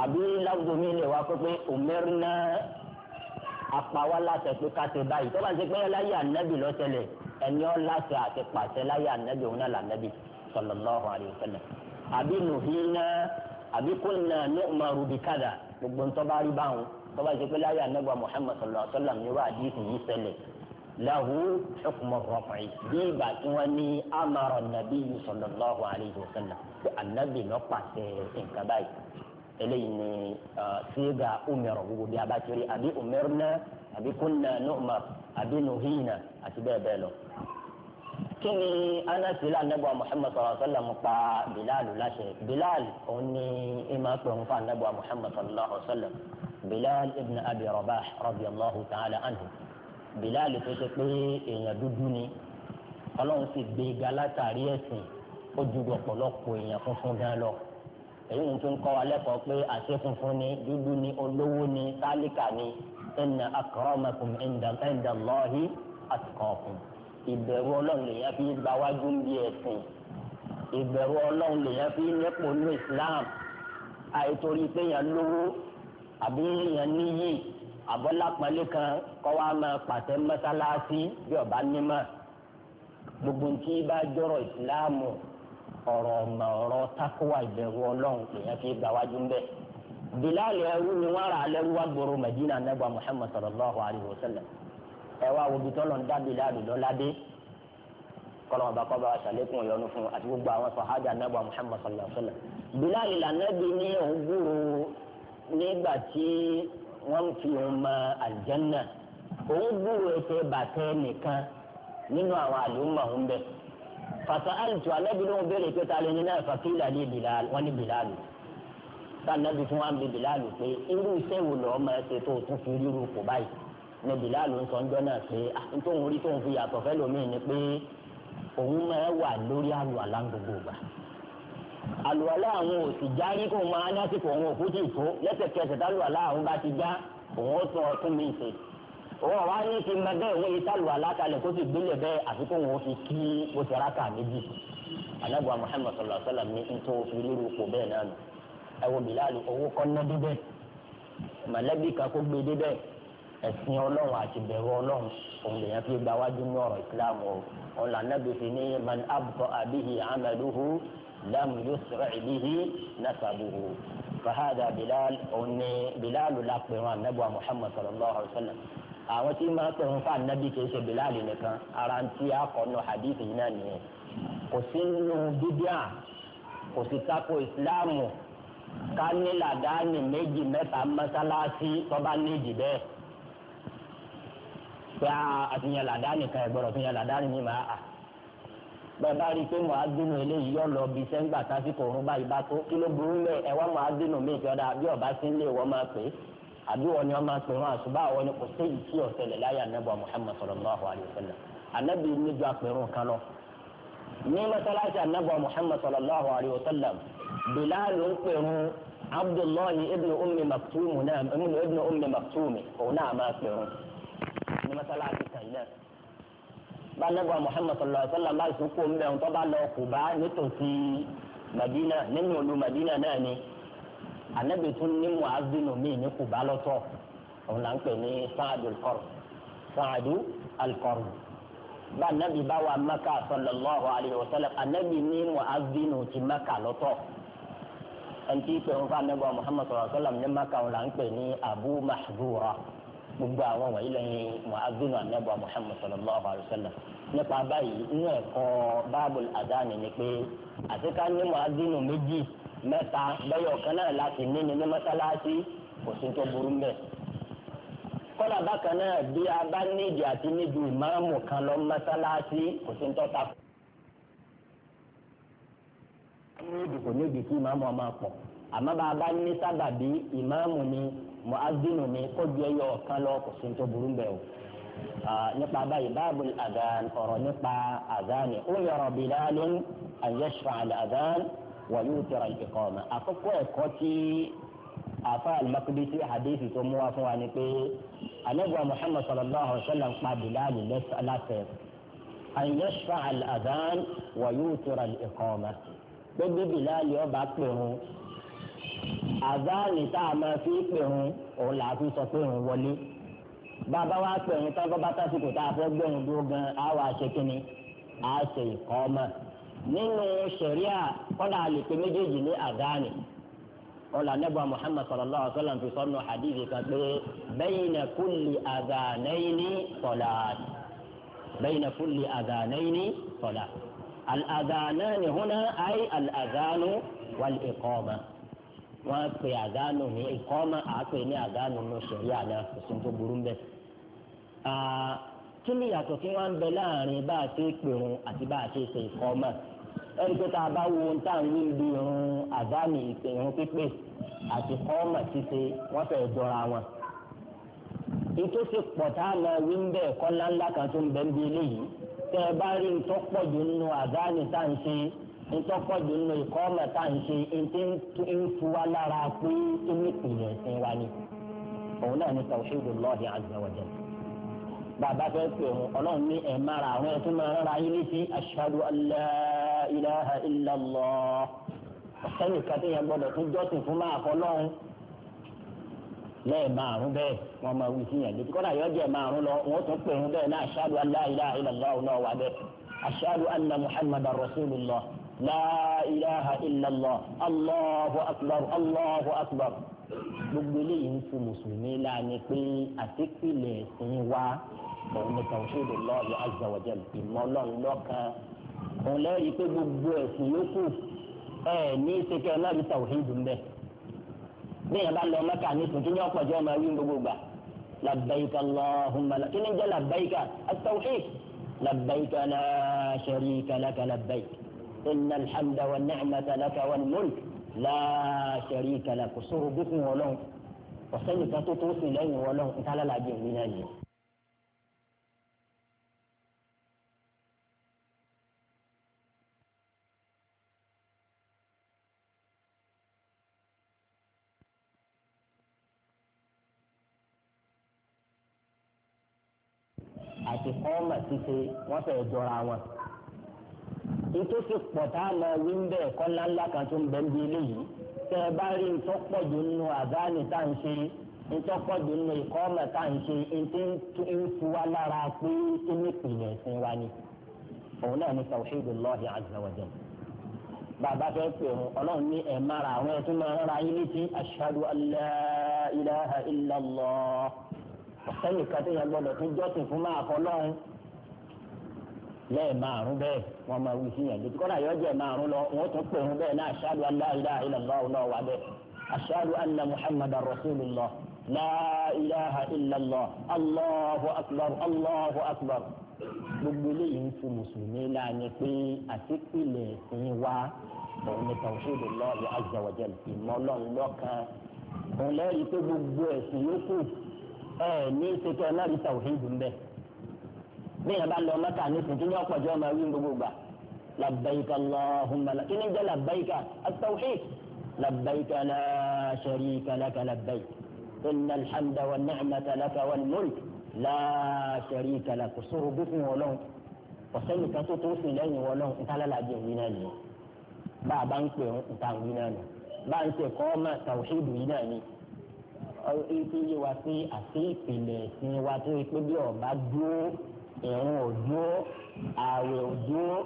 àbí láwùjọ mi lè wá pépé umirna apáwá láṣẹ pé ká ṣe báyìí tó bá ń ṣe pé láyé ànábì lọ́sẹ̀lẹ̀ ẹni ọ́ láṣẹ àti pàṣẹ láyé ànábì òun náà lànábì sallallahu alayhi wa sallam àbí nuhina àbí kunna nu'maru bi kada gbogbo ntọ́ rí báwọn tó ṣe pé láyé ànábì Muhammad sallallahu alayhi wa sallam ní wàá lahu xukumu rọpẹ bíi ìgbà tí wọn ní amara nabi sallallahu alayhi wa sallam pé anabi lọ pàṣẹ nǹkan báyìí eléyìí ni síga umero gbogbo bí a bá ti rí àbí umerna àbí kunna nu'mar àbí nuhina àti bẹ́ẹ̀ bẹ́ẹ̀ lọ. kí ni anasi la anabi wa muhammad sallallahu alayhi wa sallam pa bilal láṣẹ bilal òun ni ima pè ń fa muhammad sallallahu alayhi wa sallam bilal ibn abi rabah radiyallahu ta'ala anhu bilali tó ṣe pé èèyàn dúdú ni ọlọ́run sì gbé ga látàrí ẹ̀sìn ó ju ọ̀pọ̀lọpọ̀ èèyàn funfun gan lọ èyí ni tó ń kọ́ wa lẹ́kọ̀ọ́ pé àṣẹ funfun ni dúdú ni olówó ni tálíkà ni inna akramakum inda Allahi atqakum ìbẹ̀rù ọlọ́run lèyàn fi gba wájú bí ẹ̀sìn ìbẹ̀rù ọlọ́run lèyàn fi nípò ní Islam àìtorí pé èèyàn lówó àbí èèyàn níyì àbọ̀lápọ̀lé kan kọ́ wa máa pàṣẹ mọ́sálásí bí ọba nímọ̀ gbogbo ntí bá jọrọ ìsìláàmù ọ̀rọ̀ ọ̀mà ọ̀rọ̀ takuwa ìbẹ̀rù ọlọ́run èèyàn fi gbà wájú ń bẹ̀. bilali ẹrú ni wọn rà lẹrú wa gbòòrò madina anagba muhammad sallallahu alayhi wa sallam ẹ wá wo bitọ́ lọ ń dá bilali lọ́ládé kọlọ́mọ bá kọ́ba aṣàlékún ìyọnu fún àti gbogbo àwọn sọ̀hájà anagba muhammad sallallahu alayhi wa sallam bilali lànàbí ní òun gbúrò nígbà tí wọ́n ń fi ọmọ àlùjànnà òun gbúrò ẹsẹ̀ bàtẹ́ nìkan nínú àwọn àlùmọ̀ ọ̀hún bẹ́ẹ̀. fàtà àlùtù alábìlẹ̀ wọn béèrè pé ta lè ní náà fàkìlà ní bìlàlù wọn ní bìlàlù sànàbì fún wọn bí bìlàlù pé irú iṣẹ́ wo lọ́ọ́ máa ṣe tó tún fi ríru kò báyìí ní bìlàlù ń sọ ń jọ́nà pé nítorí tóun fi yàtọ̀ fẹ́ lómi ni pé òun máa wà lórí àlù àlá gbogbo àlùwàlá àwọn ò sì já ní kó máa lásìkò òun òkú tì tó lẹ́sẹ̀kẹsẹ̀ tálùwàlá àwọn bá ti já òun ó tún ọtún mi ṣe òun àwa ní ti mọ bẹ́ẹ̀ òun yìí tálùwàlá kalẹ̀ kó sì gbélé bẹ́ẹ̀ àfikún òun fi kí ó ti méjì anagba Muhammad sallallahu alaihi wa sallam ní nítorí òfin lílu kò bẹ́ẹ̀ náà nù ẹ wo Bilal owó kọ́ná débẹ̀ mọ̀lẹ́bí kan kó gbé débẹ̀ ẹ̀sìn ọlọ́run àti bẹ̀rù ọlọ́run òun lèyàn fi gba wájú ní ọ̀rọ̀ ìsìlámù ọ̀la nàbẹ̀fẹ̀ ní man abọ́ àbíyí amaluhu لم يسرع به نسبه فهذا بلال أني بلال لقب النبوة محمد صلى الله عليه وسلم àwọn tí máa tẹ̀wọ́n fún anabi kì í ṣe bilali nìkan ara ń tí akọ̀nù hadith yìí náà nìyẹn kò sí nínú bíbíà kò sí tako ìsìláàmù ká ní làdáni méjì mẹ́ta mọ́sálásí tọ́ba méjì bẹ́ẹ̀ pé àtúnyẹ̀ làdáni kan ẹ̀gbọ́dọ̀ tún yẹ làdáni ní màá à bàbá rí i pé mọ̀ádùnú eléyìí yọ lọ bí sẹ́ńgbà tásìkò òun báyìí bá tó kí ló burú lẹ̀ ẹ̀wọ́n mọ̀ádùnú mi ìjọba bí ọba sí ń lé wọ́n máa pè é àbí wọn ni wọn máa pè wọn àṣùbà wọn ni kò séyìí tí ọ̀sẹ̀lẹ̀ láyà nẹ́bà Muhammad sallallahu alayhi wa sallam anabi níjọ àpẹrùn kan lọ ní mọ́sálásí anabi Muhammad sallallahu alayhi wa sallam Bilal náà ibn ummi maktumi balẹ̀gbà muhammed sallallahu alayhi wa sallam láìsí kó ń bẹ̀ ń tọ́ba lọ Kùbá nítòsí madina nínú olú madina náà ni anabi tún ní muazinu míì ní Kùbá lọ́tọ̀ òun là ń pè ní saadu alqarn saadu alqarn bá anabi bá wa maka sallallahu alayhi wa sallam anabi ní muazinu ti maka lọ́tọ̀ ẹnití pé ń fa anabi wa muhammed sallallahu alayhi ní maka òun ń pè ní abu mahdura gbogbo àwọn wọ̀nyí lẹ́yìn muhammadu anabu muhammad sallallahu alayhi wa sallam nípa báyìí inú ẹ̀kọ́ báàbùl àdáni ni pé àtiká ní muhammadu méjì mẹ́ta bẹ́yọ̀ kan náà láti ní ní mọ́sálásí kò sí tó burú mbẹ́. kọ́lá bákan náà bí a bá nídìí àti nídìí ìmáàmù kan lọ mọ́sálásí kò sí tó ta. ní ìdìbò níbi kí ìmáàmù ọmọ pọ̀ àmọ́ bá a bá ní sábàbí ìmáàmù ni mu'adhdhinu ni kó ju ẹyọ ọ̀kan lọ kò sí tó burú bẹ́ẹ̀ o. nípa báyìí báàbù àdán ọ̀rọ̀ nípa àdánì umira Bilalun an yashfa'a al-adhan wa yutira al-iqama. àkókò ẹ̀kọ́ tí afa al-Maqdisi hadithi tó mú wa fún wa ni pé anagba Muhammad sallallahu alayhi wa sallam pa Bilal lẹ́sẹ̀ an yashfa'a al-adhan wa yutira al-iqama. gbogbo Bilal yóò bá àzáàlì tá a máa fi pè hun òun là á fi sọ pé òun wọlé bàbá wa pè hun tán bọ́bá tásìkò tá a fẹ́ gbẹ̀hùn dúró gan á wà ṣe kínní á ṣe ìkọ́ ọmọ nínú sẹ̀ríà kọ́lá lè pe méjèèjì ní àzáàlì kọ́lá nẹ́bà Muhammad sallallahu alaihi fi sọ́nù hadithi kan pé bayna kulli adhanayni salat bayna kulli adhanayni salat al-adhanani huna ay al-adhanu wal-iqama wọ́n á pe àdánù ní ìkọ́mọ àápè ní àdánù ní sẹ̀ríà náà òsùn tó burú ń kí ni ìyàtọ̀ tí wọ́n ń bẹ láàrin bá a ṣe pèrún àti bá a ṣe ṣe ìkọ́mọ ẹni pé tá a bá wo ohun tá à ń rí ibi irun àdánù ìpèrún pípé àti kọ́mọ ṣíṣe wọ́n fẹ́ jọra wọn. ètò ti pọ̀ tá a lọ wí ń bẹ̀ ẹ̀kọ́ ńláńlá kan tó ń bẹ ń bí eléyìí tẹ́ ẹ bá rí ntọ́pọ̀ jù nínú àdánù tá à ń ṣe ntọ́pọ̀jù nínú ikọ́ mẹ́ta ń ṣe ntí ń fu wa lára pé inú ìpìlẹ̀ ẹ̀sìn wa ni òun náà ní tawhidullahi azza wa jalla. bàbá fẹ́ pè wọn ọlọ́run ní ẹ̀ máa ra àwọn ẹ̀sìn máa rárá yín létí ashhadu an la ilaha illallah ọ̀sẹ́ni kàtí yẹn gbọ́dọ̀ tún jọ́sìn fún máa kọ́ lọ́run lẹ́ẹ̀ márùn bẹ́ẹ̀ wọ́n máa wí sí yẹn létí kọ́nà yọjẹ́ márùn lọ wọ́n tún pè wọn bẹ́ẹ̀ náà ashhadu an la ilaha illallah náà wà bẹ́ẹ̀ ashhadu anna muhammadan rasulullah la ilaha illallah الله akbar allahu akbar gbogbo eléyìí ń fún mùsùlùmí láàánú pé àtìpìlẹ̀ ẹ̀sìn wa òun ni tawhidu Allahi azza wa jalla ìmọ̀ ọlọ́run lọ́kan òun lẹ́rìí pé gbogbo ẹ̀sìn yòókù ẹ̀ ní ìṣèkẹ́ ọlọ́run tawhidu mbẹ́ bẹ́ẹ̀ bá lọ mẹ́ta ní tuntun yóò pọ̀jọ́ ọmọ ẹ̀rí gbogbo gbà labbaika allahumma la kíni jẹ́ labbaika at إن الحمد والنعمة لك والملك لا شريك لك صور بكم ولون وسني كتوتو سلين ولون إنت لا من أجل àti kọ́ọ̀mà ti ṣe nítòsí pọ̀tà lọ wí ń bẹ́ẹ̀ kọ́ kan tó ń bẹ́ẹ̀ bí eléyìí tẹ́ ẹ bá rí ntọ́pọ̀jù nínú àdáni tá à ń ṣe ntọ́pọ̀jù nínú ìkọ́ tá à ń ṣe lára pé kí ẹ̀sìn wa ni òun náà ní tawhidullahi azza wa bàbá fẹ́ pè wọn ọlọ́run ní ẹ̀ àwọn ẹ̀tún rárá lẹ́ẹ̀ márùn bẹ́ẹ̀ wọ́n máa wí sí yẹn bí kọ́nà yọ jẹ́ márùn lọ wọ́n tún pè wọ́n bẹ́ẹ̀ náà aṣáájú aláìlá ìlàlá ọ̀nà wà bẹ́ẹ̀ aṣáájú anna muhammad rasulillah láìláha ìlàlá allahu akbar allahu akbar gbogbo eléyìí ń fi mùsùlùmí láàánú pé àtìpìlẹ̀ ẹ̀sìn wa òun ni tàwùsùlù lọ́ọ̀lù azawajal ìmọ̀ ọlọ́run òun lẹ́rìí pé gbogbo ẹ̀sìn yókù bẹ́ẹ̀ bá lọ mẹ́ta ní sùn kí ní ọ̀pọ̀ jọ máa wí gbogbo gbà labbaika allahumma la kí ni jẹ́ labbaika at-tawhid labbaika la sharika laka labbaik inna alhamda wa ni'mata laka wal mulk la sharika laka kò sóro wọlọ́n kò kan tó tó sì lẹ́yìn wọlọ́n ntàlálàjẹ yìí náà nìyẹn bá a bá ń pè ń ta yìí náà nù bá a ń pè kọ́ ọ́mà tawhid yìí náà ni ọ iye wa pé àti ìpìlẹ̀ ẹ̀sìn wa tó yẹ pé bí ọba dúró ìrun ò dúró ààwẹ̀ ò dúró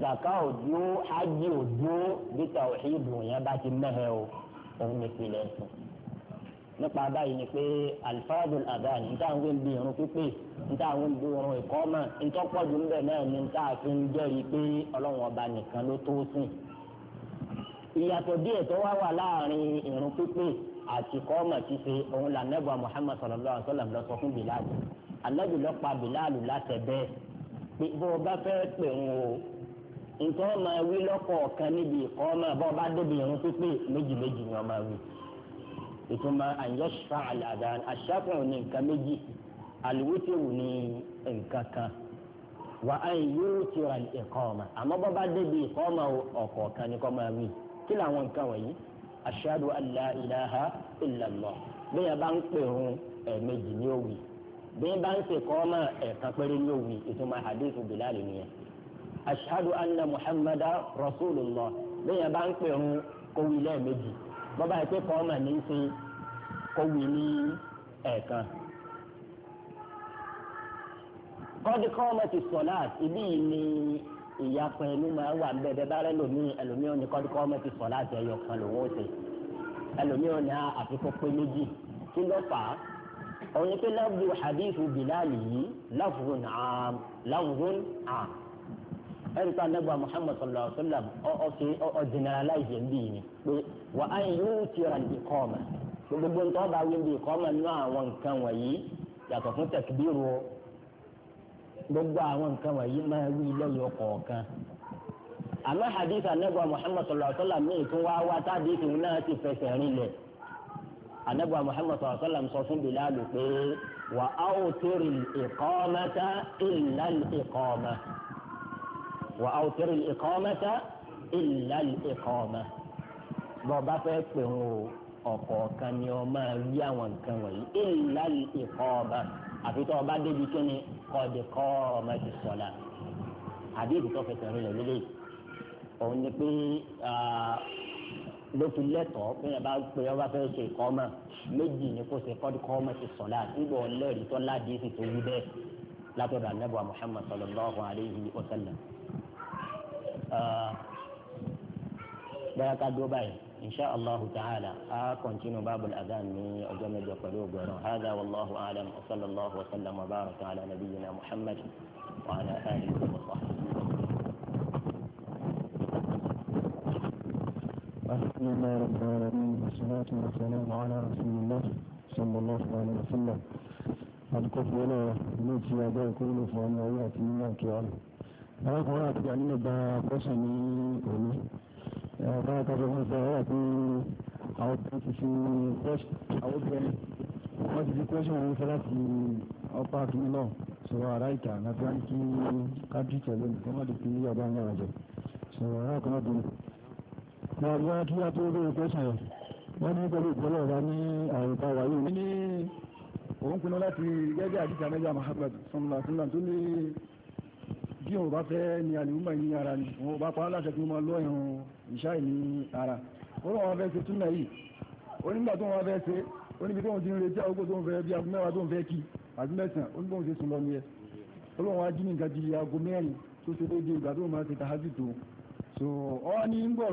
zaka ò dúró hajj ò dúró bí tàwíìdù yẹn bá ti mẹ́hẹ̀ o òun ní ìpìlẹ̀ ẹ̀sìn nípa báyìí ni pé alifadul adan níta àwọn ń bi irun pípé níta àwọn ń bi irun ìkọ́mà ntọ́pọ̀jù ń bẹ̀ náà ni níta fi ń jẹ́rìí pé ọlọ́run ọba nìkan ló tó sìn. ìyàtọ̀ díẹ̀ tó wá wà láàrin irun pípé àti kọ́mà ṣíṣe òun là nẹ́bà Muhammad sallallahu sọ fún Bilal. Ànábì ló pa Bìláàlù láṣẹ bẹ́ẹ̀ pé bó o bá fẹ́ pè ń o nǹkan máa wí lọ́kọ̀ọ̀kan níbi ìkọ́mọ bó o bá débi irun pípé méjì méjì ni wọ́n máa wí. ìtumọ̀ àyọ̀ṣà àlàdàn àṣàkùn ní nǹkan méjì àlùwítìwù ní nǹkan kan wà á yóò ti ra ìkọ́mọ àmọ́ bó o bá débi ìkọ́mọ ọ̀kọ̀ọ̀kan ni kọ́ máa wí kí làwọn nǹkan wọ̀nyí ashadu an la ilaha illallah bẹ́ẹ̀ bá ń pè ń ẹ̀ẹ̀mejì ní òwì bí bá ń sèkọ́ ọmọ ẹ̀ka péré ní òwì ìtumọ̀ hadithu bilal nìyẹn ashadu anna muhammadu rasulillah bí yẹn bá ń pèrún kówí lẹ́ẹ̀mejì bọ́bá ìpèkọ́ ọmọ ní í sin kówí ní ẹ̀ẹ̀kan. kọ́dí ti sọ̀lá ibi yìí ni ìyapa ẹnu ma wà bẹ́ẹ̀ bẹ́ẹ̀ bá rẹ lòmíì ẹlòmíì ní ti ọ̀rọ̀ yẹn pé lábù hadithu bilali yìí láfùrún àm láfùrún àm ẹ̀rí pa anagba muhammad sallallahu alayhi wa sallam ọ̀ọ́sẹ̀ ọ̀ generalize yẹn bí yìí pé wà á yóò tira ìkọ́ọ̀mà gbogbo ntọ́ bá wí bí ìkọ́ọ̀mà nínú àwọn nǹkan wọ̀nyí yàtọ̀ fún tẹkidiru gbogbo àwọn nǹkan wọ̀nyí máa wí lẹ́yìn kọ̀ọ̀kan àmọ́ hadith anagba muhammad sallallahu alayhi wa sallam mi tún anabuwa muhammad sallallahu alaihi wasallam sọ fún bilalu pé wà á ó tẹ̀rì ìkọ́mẹ́ta ìlà ìkọ́mẹ́ wà á ó tẹ̀rì ìkọ́mẹ́ta ìlà ìkọ́mẹ́ bọ́ọ̀bá fẹ́ pè ń o ọ̀kọ̀ọ̀kan ni ọ máa rí àwọn nǹkan wọ̀nyí ìlà ìkọ́mẹ́ àfi tó ọba débi kí ni kọ́ọ̀dì kọ́ọ̀mẹ́ ti sọ̀la àbí ìdìtọ́ fẹsẹ̀ rìn lélẹ̀ òun ni pé ló fi lẹ́tọ̀ọ́ pé ẹ bá pé ọba fẹ́ ṣe ìkọ́ ọmọ méjì ni kò ṣe kọ́dùkọ́ ọmọ ti sọ̀lá nígbà ọlẹ́rìí tó ládìí sì tó wí bẹ́ẹ̀ látọ̀dọ̀ anábọ̀ Muhammad sallallahu alayhi wa sallam. bẹ́ẹ̀ ká dúró báyìí insha allahu ta'ala a kọ̀ntínú bábùl adán ní ọjọ́ mẹ́jọ pẹ̀lú ògbọ̀rọ̀ hada wallahu alam wa sallallahu wa sallam wa baraka ala nabiyyina Muhammad wa ala alihi wa sahbihi. الحمد لله رب العالمين والصلاة والسلام على رسول الله صلى الله عليه وسلم àdúkọ́fù ọlọ́ ilé tí a bẹ́ẹ̀ kó lè fọ ọmọ orí àti ní àkíyà rẹ̀. arákùnrin àti ànílò gba pẹ́sẹ̀ ní òní ẹ̀rọ káfẹ́ fún ìfẹ́ ọ̀rọ̀ pé àwọn obìnrin ti fi àwọn obìnrin wọ́n ti fi pẹ́sẹ̀ ọ̀pá àtúnú sọ̀rọ̀ àrá ìta láti wá ní kí kábíyìtì ẹ̀lẹ́nu kọ́mọ́dé fi ọba ń yàrá jẹ sọ̀rọ̀ arákùnrin na wọ́n kí á tó lórí pẹ́sàn wọ́n ní pẹ̀lú ìpínlẹ̀ ọ̀rá ní àrùkà wáyé ní ní òun pinnu láti gẹ́gẹ́ àdíjà mẹ́jà Muhammad sallallahu alaihi wasallam tó ní bí òun bá fẹ́ ni àlùmọ̀ ní ara ni òun bá pa aláṣẹ tí wọ́n lọ ẹ̀hún ìṣá ní ara ó lọ́wọ́ fẹ́ ṣe túnlẹ̀ yìí ó nígbà tó wọ́n fẹ́ ṣe ó níbi tó ń ti ń retí àkókò tó ń fẹ́ bí aago mẹ́wàá tó ń fẹ́ kí àti mẹ́sàn-án الحمد لله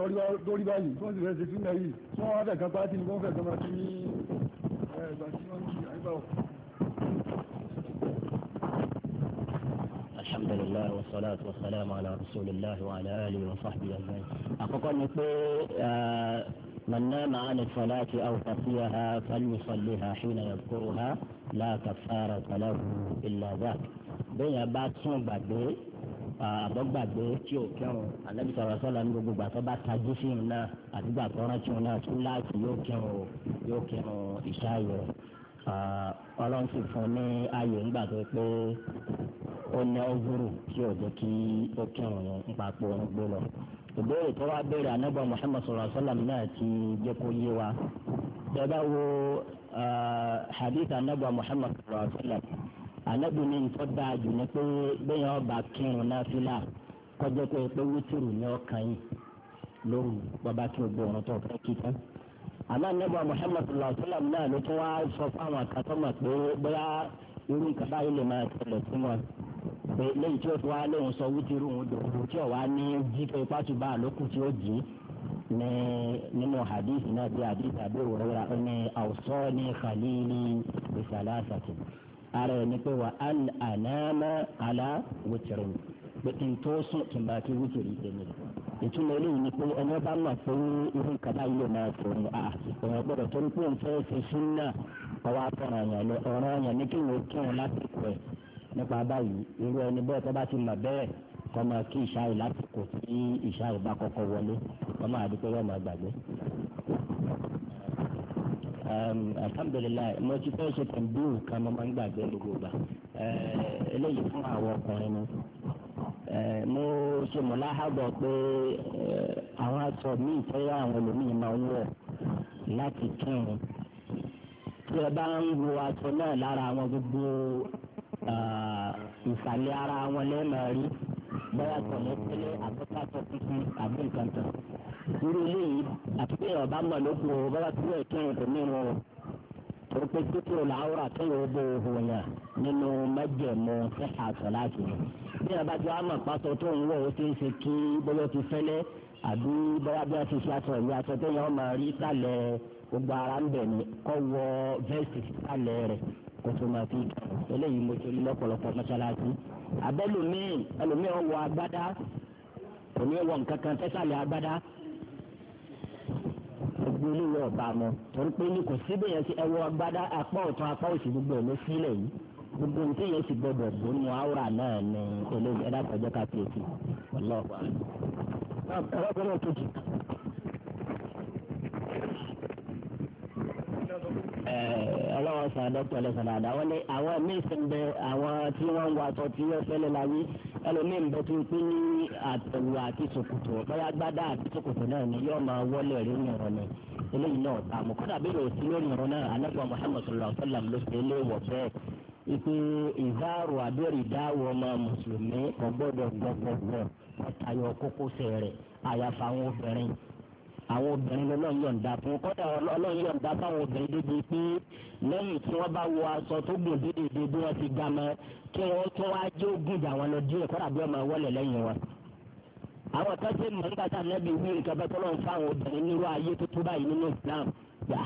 والصلاة والسلام على رسول الله وعلى آله وصحبه أجمعين. أقول لك من نام عن الصلاة أو تقيها فليصليها حين يذكرها لا كفارة له إلا ذاك. بين باتشون بعدين àbọ̀gbàgbé tí ò kẹrùn ànábì sọ̀rọ̀ sọ̀rọ̀ ní gbogbo gbàtọ́ bá tajú sí òun náà òun náà tún yóò kẹrùn yóò kẹrùn ìṣáyọ̀ ọlọ́run sì fún ní ayò ńgbà tó pé ó ní ọ́gùrù tí ò jẹ́ kí ó kẹrùn nípa pé òun gbé lọ. ìbéèrè tó wá béèrè ànábì Muhammad sọ̀rọ̀ alábìnrin nǹkan dáa jù ní pé bẹ́ẹ̀ ọba kírun náà fílà kọjá pé pé wítìrì ní ọkàn yìí lóru bàbá tí o gbọ́ ọ̀rọ̀ tó fẹ́ kí tán. àmọ́ anábọ̀ muhammadu lọ́sọ́làm náà ló tún wá sọ fáwọn akátọ́mọ̀ pé bóyá irú nǹkan báyìí lè máa tẹ̀lẹ̀ sí wọn. pé lẹ́yìn tí o tún wá lóun sọ wítìrì òun dòdò tí ò ní jí pé pátùbà lókù tí ó jì ní nínú hadith náà bí hadith àbí òwúrọ̀ ní àwùsọ́ ní khalili bisalasati. ara ẹni pé wà á ànáàmà àlá wòtìrìn pé kí n tó sùn kí n bá kí wítìrì èmi ìtumọ̀ eléyìí ni pé ẹni bá mọ̀ pé irú kaba yìí ló máa fò ní ọ̀rọ̀ gbọ́dọ̀ tó ń pè ń fẹ́ ṣe súnà ọwọ́ àtọ̀rọ̀ àyàn lọ ọ̀rọ̀ àyàn ní kí wọ́n kí wọn lásìkò ẹ̀ nípa báyìí irú ẹni bẹ́ẹ̀ tó bá ti bẹ́ẹ̀ kọ́ máa kí tí Um, alhamdulilayi mo ti fẹ́ ṣe tẹ̀m̀bíù kan mo máa ń gbàgbé gbogbo gbà eh, eléyìí fún àwọn ọkùnrin ni eh, mo ṣe mọ̀láhàbọ̀ pé eh, àwọn aṣọ míì fẹ́ràn àwọn ẹlòmíì máa ń wọ̀ láti kírun tí ẹ bá ń wo aṣọ náà lára àwọn gbogbo ah, ìsàlẹ̀ ara wọn lẹ́ẹ̀mọ̀ bóyá kọ̀lẹ́ tẹ́lẹ̀ àbọ̀tàtọ̀ tuntun àbí nǹkan kan. irú ilé yìí àti pé ọ̀bá mọ̀ ló kú o bóyá tí wọ́n kẹ́yìn tó nínú o. torí pé títí o là áwòrán kẹ́yìn o bó o hù yàn nínú mẹ́jẹ̀mú fẹ́hà sọ̀ láti. bí ọba tí wàá mọ̀ pátó tó ń wọ̀ ó ti ń se kí bóyá ti fẹ́lẹ́ àbí bóyá bí a ti ṣe aṣọ ìwé aṣọ tó yẹ ọmọ rí sálẹ̀ gbogbo ara ń bẹ̀ ní kọ́ wọ vẹ́ẹ̀sì sálẹ̀ rẹ̀ kó tó máa fi eléyìí mo ṣe lọ́pọ̀lọpọ̀ mọ́ṣáláṣí agbada ẹlòmíì ọwọ́ agbádá agbádá gbogbo ọba mọ torí pé ní kò gbogbo sílẹ̀ yìí gbogbo yẹn gbọdọ̀ gbónú àwòrán náà ẹ̀rọ kejì. Eh, ọlọ́wọ́ sàn dọ́kítọ̀ lẹ́sàn dáadáa wọ́n ní àwọn míín bẹ àwọn tí wọ́n ń wọ aṣọ tí wọ́n fẹ́lẹ́ la wí ẹlòmíín bẹ tó ń pín ní àtẹ̀wò àti bóyá àti náà ni yóò máa wọlé rí eléyìí náà ta mọ̀ kọ́dà bí yóò sí lórí náà anábọ̀ ló ṣe lé wọ̀ bẹ́ẹ̀ ìzáàrò àbẹ̀rẹ̀ ìdáwọ̀ ọmọ mùsùlùmí tayọ kókósẹ̀ rẹ̀ àyàfà àwọn obìnrin àwọn obìnrin lọ́lọ́run yọ̀ǹda fún kọ́dà ọlọ́run yọ̀ǹda fáwọn obìnrin débi pé lẹ́yìn tí wọ́n bá wọ aṣọ tó gùn dédédé bí wọ́n ti ga mọ́ kí wọ́n tún wá jẹ́ ogun jà wọn lọ díẹ̀ kọ́dà bí wọ́n máa wọlé lẹ́yìn wọn. àwọn kan ṣe mọ̀ nígbà tá nẹ́bí wí nǹkan bẹ́ẹ̀ tọ́lọ́run fáwọn obìnrin nírú ayé tó tó báyìí nínú Islam gbà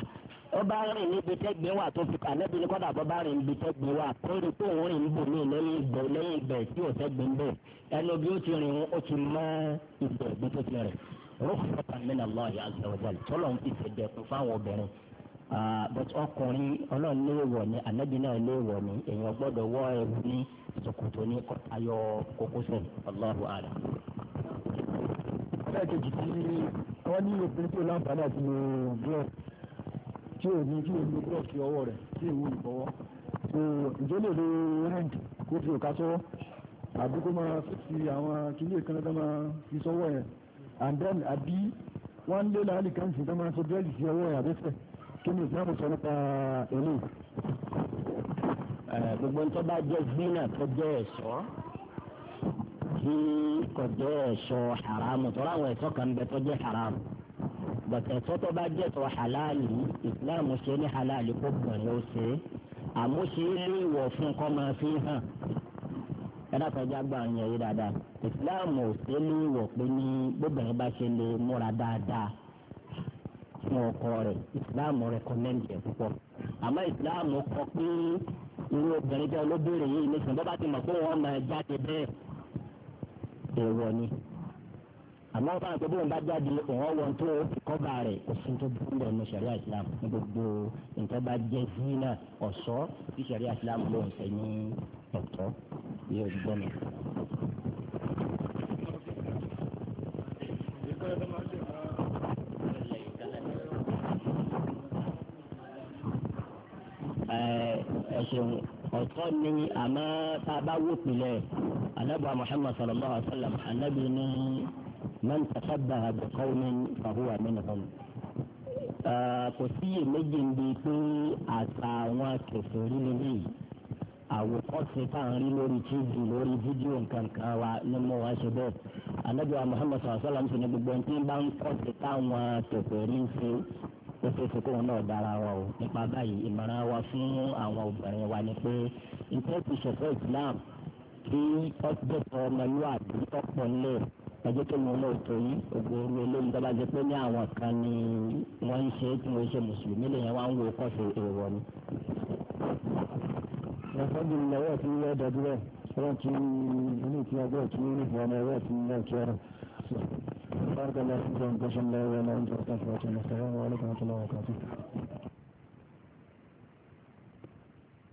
ó bá rìn níbi tẹ́gbẹ́ wà tó fi kà nẹ́bí ní kọ́dà bọ́ bá rìn níbi tẹ́gbẹ́ wà tó rí pé òun ibẹ̀ tí ò sẹ́gbẹ̀ẹ́ bẹ́ẹ̀ ẹnu bí ti rìn ti mọ ibẹ̀ bí ti fi fáwọn obìnrin but ọkùnrin ọlọ́run náà èèyàn gbọ́dọ̀ wọ ní ní ayọ̀ kejì tí wọ́n ní obìnrin lo tí ní o lo glove sí ọwọ́ rẹ̀ sí ìwú ìbọ̀wọ́ so ìjọ́lẹ̀ kó fi òkà sọ́wọ́ àbí kó máa fi àwọn kíní ìkànnì tó máa fi sọ́wọ́ yẹn and then àbí wọ́n lé láàlì kan sí tó máa fi bẹ́ẹ̀lì sí ọwọ́ yẹn àbẹ́fẹ́ kí ni ìsìlámù sọ nípa ẹ̀lẹ́ gbogbo ń tó bá jẹ́ zina tó jẹ́ ẹ̀ṣọ́ tí kò jẹ́ ẹ̀ṣọ́ haramu tó ráwọn ẹ̀ṣọ́ kan bẹ tó jẹ́ haramu bàtà ẹ̀ṣọ́ tó bá jẹ́ tó halali ìsìlámù ṣe ní halali kó bẹ̀rẹ̀ ó ṣe àmúṣe ilé ìwọ̀ fún kọ́ máa fi hàn ẹ̀dàkọ̀já gbà yẹn yé dáadáa islam ò sí ilé ìwọ̀ pé ní gbọ́dọ̀ bá ṣe lè múra dáadáa fún ọkọ rẹ̀ islam rẹ̀kọ́mẹ́ndì ẹ̀ púpọ̀ àmọ́ islam kọ pé irú obìnrin jẹ́ olóbìnrin yìí nísìnyí bọ́ bá ti mọ̀ pé wọ́n máa jáde bẹ́ẹ̀ èèwọ̀ ni àmọ́ fún àti bóun bá jáde òun wọn tó kọ́ba rẹ̀ kò sí tó burú lọ ní sariya islam ní gbogbo nǹkan bá jẹ́ zina ọ̀ṣọ́ tí sariya islam ló ń sẹ́ ní ọ̀tọ̀ yóò gbọ́ mi. ẹ ṣeun ọ̀tọ̀ ni àmọ́ tá a bá wò pilẹ̀ anábọ̀ muhammad sallallahu alaihi wa sallam anábì man tashabbaha bi qawmin fahuwa minhum kò sí iyèméjì ń bi pé àṣà àwọn kèfèrí lélẹ́yìí àwòkọ́sẹ̀ tá à ń rí lórí tv lórí fídíò nǹkan kan wa ni mo wá ṣe bẹ́ẹ̀ anabi wa muhammad sallallahu alaihi wa sallam ṣe ni gbogbo ẹni tí ń bá ń kọ́sẹ̀ táwọn kèfèrí ń ṣe ó ṣe é ṣe kóun náà dára wa o nípa báyìí ìmọ̀ràn wa fún àwọn obìnrin wa ni pé nǹkan ti ṣẹ̀fẹ̀ islam kí ọjọ́ ọmọlúwàbí tọ́pọ̀ ńlẹ̀ ẹjẹ tó mú lóòótọ́ yìí ògbó orí olóyún tó bá jẹ pé ní àwọn kan ni wọ́n ń ṣe é tí wọ́n ṣe mùsùlùmí lèyàn wá ń wo kọ́sù èèwọ̀ ni. ìyàsọ́jú ìlọ́wọ́ ti yọ dàdúrà wọ́n ti ilé tí ọgbẹ́ tí ó ní fọ́ọ̀mù ẹ̀rọ ti ń lọ́ọ̀kí ọ̀rọ̀. bákan náà fífọ́n gbọ́sọ̀ lọ́wọ́ náà ń tọ́ka fún ọ̀tún